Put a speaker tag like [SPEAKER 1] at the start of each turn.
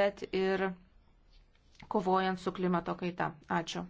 [SPEAKER 1] bet ir kovojant su klimato kaita. Ačiū.